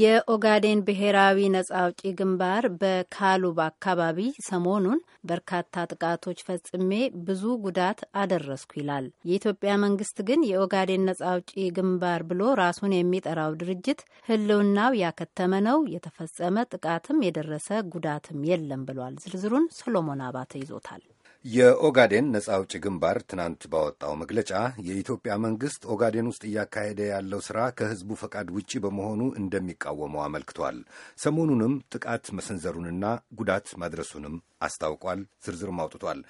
የኦጋዴን ብሔራዊ ነጻ አውጪ ግንባር በካሉብ አካባቢ ሰሞኑን በርካታ ጥቃቶች ፈጽሜ ብዙ ጉዳት አደረስኩ ይላል። የኢትዮጵያ መንግስት ግን የኦጋዴን ነጻ አውጪ ግንባር ብሎ ራሱን የሚጠራው ድርጅት ሕልውናው ያከተመ ነው፣ የተፈጸመ ጥቃትም የደረሰ ጉዳትም የለም ብሏል። ዝርዝሩን ሰሎሞን አባተ ይዞታል። የኦጋዴን ነጻ አውጪ ግንባር ትናንት ባወጣው መግለጫ የኢትዮጵያ መንግስት ኦጋዴን ውስጥ እያካሄደ ያለው ስራ ከህዝቡ ፈቃድ ውጪ በመሆኑ እንደሚቃወመው አመልክቷል። ሰሞኑንም ጥቃት መሰንዘሩንና ጉዳት ማድረሱንም አስታውቋል። ዝርዝርም አውጥቷል።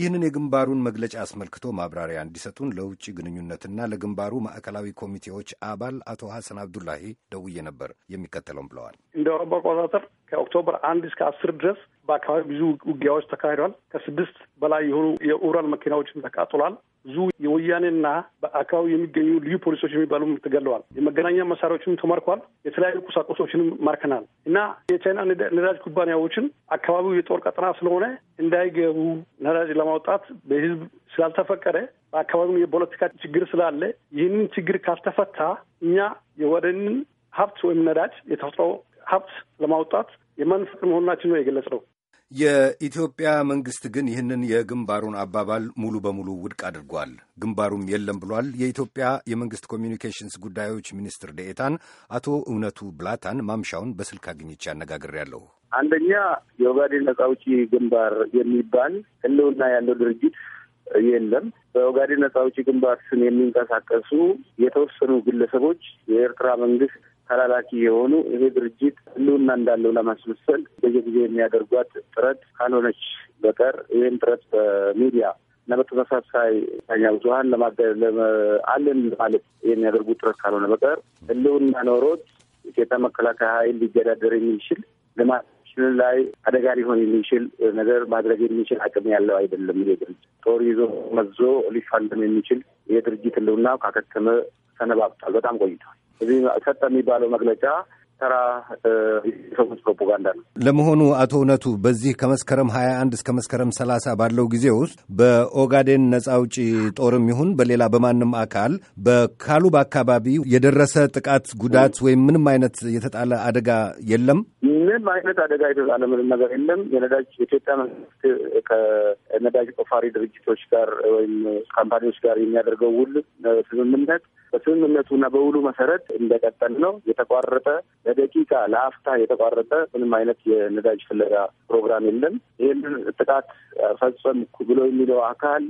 ይህንን የግንባሩን መግለጫ አስመልክቶ ማብራሪያ እንዲሰጡን ለውጭ ግንኙነትና ለግንባሩ ማዕከላዊ ኮሚቴዎች አባል አቶ ሐሰን አብዱላሂ ደውዬ ነበር። የሚከተለውም ብለዋል። እንደ አውሮፓ አቆጣጠር ከኦክቶበር አንድ እስከ አስር ድረስ በአካባቢ ብዙ ውጊያዎች ተካሂደዋል። ከስድስት በላይ የሆኑ የኡራል መኪናዎችን ተቃጥሏል። ብዙ የወያኔና በአካባቢ የሚገኙ ልዩ ፖሊሶች የሚባሉም ተገለዋል። የመገናኛ መሳሪያዎችንም ተማርኳል። የተለያዩ ቁሳቁሶችንም ማርከናል እና የቻይና ነዳጅ ኩባንያዎችን አካባቢው የጦር ቀጠና ስለሆነ እንዳይገቡ ነዳጅ ለማውጣት በህዝብ ስላልተፈቀደ በአካባቢው የፖለቲካ ችግር ስላለ ይህንን ችግር ካልተፈታ እኛ የወደንን ሀብት ወይም ነዳጅ የተፈጥሮ ሀብት ለማውጣት የማንሰጥ መሆናችን ነው የገለጽነው። የኢትዮጵያ መንግስት ግን ይህንን የግንባሩን አባባል ሙሉ በሙሉ ውድቅ አድርጓል። ግንባሩም የለም ብሏል። የኢትዮጵያ የመንግስት ኮሚኒኬሽንስ ጉዳዮች ሚኒስትር ደኤታን አቶ እውነቱ ብላታን ማምሻውን በስልክ አግኝቼ አነጋግሬያለሁ። አንደኛ የኦጋዴን ነጻ አውጪ ግንባር የሚባል ህልውና ያለው ድርጅት የለም። በኦጋዴን ነጻ አውጪ ግንባር ስም የሚንቀሳቀሱ የተወሰኑ ግለሰቦች የኤርትራ መንግስት ተላላኪ የሆኑ ይሄ ድርጅት ህልውና እንዳለው ለማስመሰል በየጊዜ የሚያደርጓት ጥረት ካልሆነች በቀር ይህን ጥረት በሚዲያ እና በተመሳሳይ ኛ ብዙሀን አለን ማለት የሚያደርጉት ጥረት ካልሆነ በቀር ህልውና ኖሮት ኢትዮጵያ መከላከያ ኃይል ሊገዳደር የሚችል ልማት ላይ አደጋ ሊሆን የሚችል ነገር ማድረግ የሚችል አቅም ያለው አይደለም። ይሄ ድርጅት ጦር ይዞ መዞ ሊፋለም የሚችል ይሄ ድርጅት ህልውና ካከተመ ሰነባብቷል፣ በጣም ቆይቷል። እዚህ ሰጠ የሚባለው መግለጫ ተራ ሰዎች ፕሮፓጋንዳ ነው። ለመሆኑ አቶ እውነቱ በዚህ ከመስከረም ሀያ አንድ እስከ መስከረም ሰላሳ ባለው ጊዜ ውስጥ በኦጋዴን ነጻ አውጪ ጦርም ይሁን በሌላ በማንም አካል በካሉብ አካባቢ የደረሰ ጥቃት፣ ጉዳት ወይም ምንም አይነት የተጣለ አደጋ የለም? ምንም አይነት አደጋ የተጣለ ምንም ነገር የለም። የነዳጅ የኢትዮጵያ መንግስት ከነዳጅ ቆፋሪ ድርጅቶች ጋር ወይም ካምፓኒዎች ጋር የሚያደርገው ውል ስምምነት በስምምነቱ እና በውሉ መሰረት እንደቀጠል ነው። የተቋረጠ ለደቂቃ ለአፍታ የተቋረጠ ምንም አይነት የነዳጅ ፍለጋ ፕሮግራም የለም። ይህንን ጥቃት ፈጸምኩ ብሎ የሚለው አካል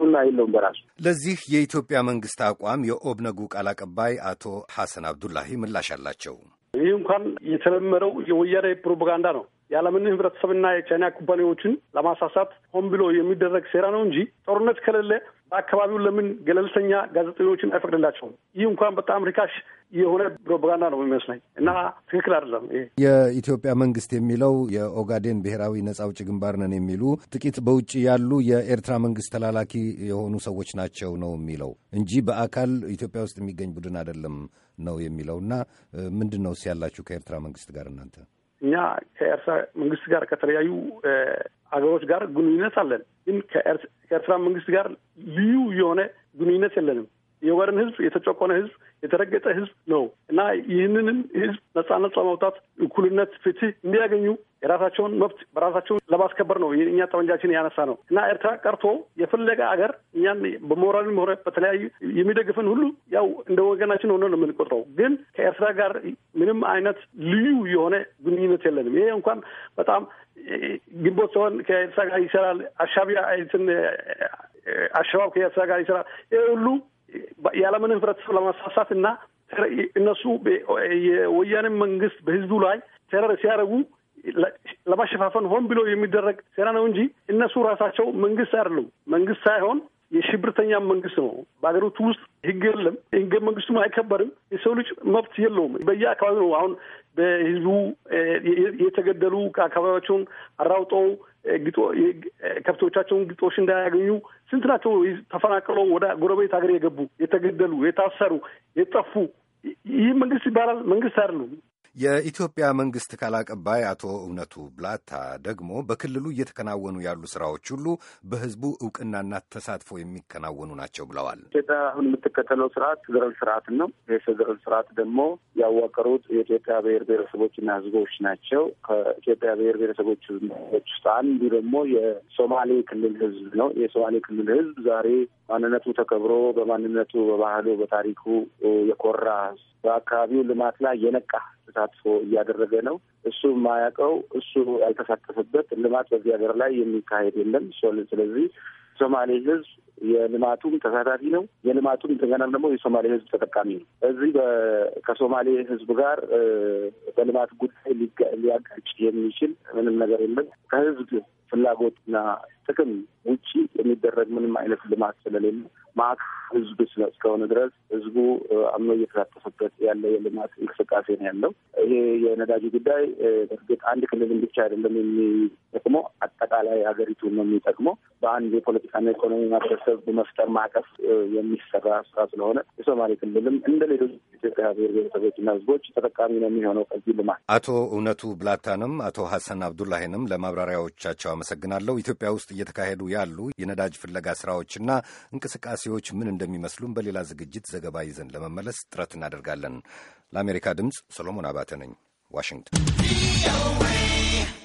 ሁና የለውም በራሱ። ለዚህ የኢትዮጵያ መንግስት አቋም የኦብነጉ ቃል አቀባይ አቶ ሐሰን አብዱላሂ ምላሽ አላቸው። ይህ እንኳን የተለመደው የወያኔ ፕሮፓጋንዳ ነው። የዓለምን ህብረተሰብና የቻይና ኩባንያዎችን ለማሳሳት ሆን ብሎ የሚደረግ ሴራ ነው እንጂ ጦርነት ከሌለ በአካባቢው ለምን ገለልተኛ ጋዜጠኞችን አይፈቅድላቸውም? ይህ እንኳን በጣም ሪካሽ የሆነ ፕሮፓጋንዳ ነው የሚመስለኝ እና ትክክል አይደለም። የኢትዮጵያ መንግስት የሚለው የኦጋዴን ብሔራዊ ነጻ አውጪ ግንባር ነን የሚሉ ጥቂት በውጭ ያሉ የኤርትራ መንግስት ተላላኪ የሆኑ ሰዎች ናቸው ነው የሚለው እንጂ በአካል ኢትዮጵያ ውስጥ የሚገኝ ቡድን አይደለም ነው የሚለው እና ምንድን ነው ያላችሁ ከኤርትራ መንግስት ጋር እናንተ እኛ ከኤርትራ መንግስት ጋር ከተለያዩ አገሮች ጋር ግንኙነት አለን፣ ግን ከኤርትራ መንግስት ጋር ልዩ የሆነ ግንኙነት የለንም። የወረን ህዝብ፣ የተጨቆነ ህዝብ፣ የተረገጠ ህዝብ ነው እና ይህንንም ህዝብ ነጻነት ለማውጣት እኩልነት፣ ፍትህ እንዲያገኙ የራሳቸውን መብት በራሳቸውን ለማስከበር ነው እኛ ጠመንጃችን ያነሳ ነው እና ኤርትራ ቀርቶ የፈለገ አገር እኛን በሞራልም ሆነ በተለያዩ የሚደግፈን ሁሉ ያው እንደ ወገናችን ሆነ ነው የምንቆጥረው። ግን ከኤርትራ ጋር ምንም አይነት ልዩ የሆነ ግንኙነት የለንም። ይሄ እንኳን በጣም ግንቦት ሲሆን ከኤርትራ ጋር ይሰራል፣ አሻቢያ አሸባብ ከኤርትራ ጋር ይሰራል። ይሄ ሁሉ የዓለምን ህብረተሰብ ለማሳሳት እና እነሱ የወያኔ መንግስት በህዝቡ ላይ ቴረር ሲያደርጉ ለማሸፋፈን ሆን ብሎ የሚደረግ ሴራ ነው እንጂ እነሱ ራሳቸው መንግስት አይደሉም። መንግስት ሳይሆን የሽብርተኛ መንግስት ነው። በሀገሪቱ ውስጥ ህግ የለም፣ ህገ መንግስቱም አይከበርም፣ የሰው ልጅ መብት የለውም። በየአካባቢ ነው አሁን በህዝቡ የተገደሉ አካባቢያቸውን አራውጠው ከብቶቻቸውን ግጦሽ እንዳያገኙ ስንት ናቸው ተፈናቅለው ወደ ጎረቤት ሀገር የገቡ የተገደሉ፣ የታሰሩ፣ የጠፉ። ይህ መንግስት ይባላል? መንግስት አይደሉም። የኢትዮጵያ መንግስት ቃል አቀባይ አቶ እውነቱ ብላታ ደግሞ በክልሉ እየተከናወኑ ያሉ ስራዎች ሁሉ በህዝቡ እውቅናና ተሳትፎ የሚከናወኑ ናቸው ብለዋል። ኢትዮጵያ አሁን የምትከተለው ስርዓት ፌዴራል ስርዓት ነው። ይህ ፌዴራል ስርዓት ደግሞ ያዋቀሩት የኢትዮጵያ ብሔር ብሔረሰቦችና ህዝቦች ናቸው። ከኢትዮጵያ ብሔር ብሔረሰቦች ውስጥ አንዱ ደግሞ የሶማሌ ክልል ህዝብ ነው። የሶማሌ ክልል ህዝብ ዛሬ ማንነቱ ተከብሮ በማንነቱ በባህሉ፣ በታሪኩ የኮራ በአካባቢው ልማት ላይ የነቃ ተሳትፎ እያደረገ ነው። እሱ የማያውቀው እሱ ያልተሳተፈበት ልማት በዚህ ሀገር ላይ የሚካሄድ የለም። ስለዚህ ሶማሌ ህዝብ የልማቱም ተሳታፊ ነው። የልማቱም እንደገናም ደግሞ የሶማሌ ህዝብ ተጠቃሚ ነው። እዚህ ከሶማሌ ህዝብ ጋር በልማት ጉዳይ ሊያጋጭ የሚችል ምንም ነገር የለም። ከህዝብ ፍላጎትና ጥቅም ውጪ የሚደረግ ምንም አይነት ልማት ስለሌለ ማዕከል ህዝብ እስከሆነ ድረስ ህዝቡ አምኖ እየተሳተፈበት ያለ የልማት እንቅስቃሴ ነው ያለው። ይሄ የነዳጅ ጉዳይ በእርግጥ አንድ ክልልን ብቻ አይደለም የሚጠቅመው፣ አጠቃላይ ሀገሪቱን ነው የሚጠቅመው። በአንድ የፖለቲ የፖለቲካና ኢኮኖሚ ማህበረሰብ በመፍጠር ማዕቀፍ የሚሰራ ስራ ስለሆነ የሶማሌ ክልልም እንደ ሌሎች ኢትዮጵያ ብሔር ብሔረሰቦችና ህዝቦች ተጠቃሚ ነው የሚሆነው ከዚህ ልማት። አቶ እውነቱ ብላታንም አቶ ሀሰን አብዱላሂንም ለማብራሪያዎቻቸው አመሰግናለሁ። ኢትዮጵያ ውስጥ እየተካሄዱ ያሉ የነዳጅ ፍለጋ ስራዎችና እንቅስቃሴዎች ምን እንደሚመስሉም በሌላ ዝግጅት ዘገባ ይዘን ለመመለስ ጥረት እናደርጋለን። ለአሜሪካ ድምፅ ሰሎሞን አባተ ነኝ ዋሽንግተን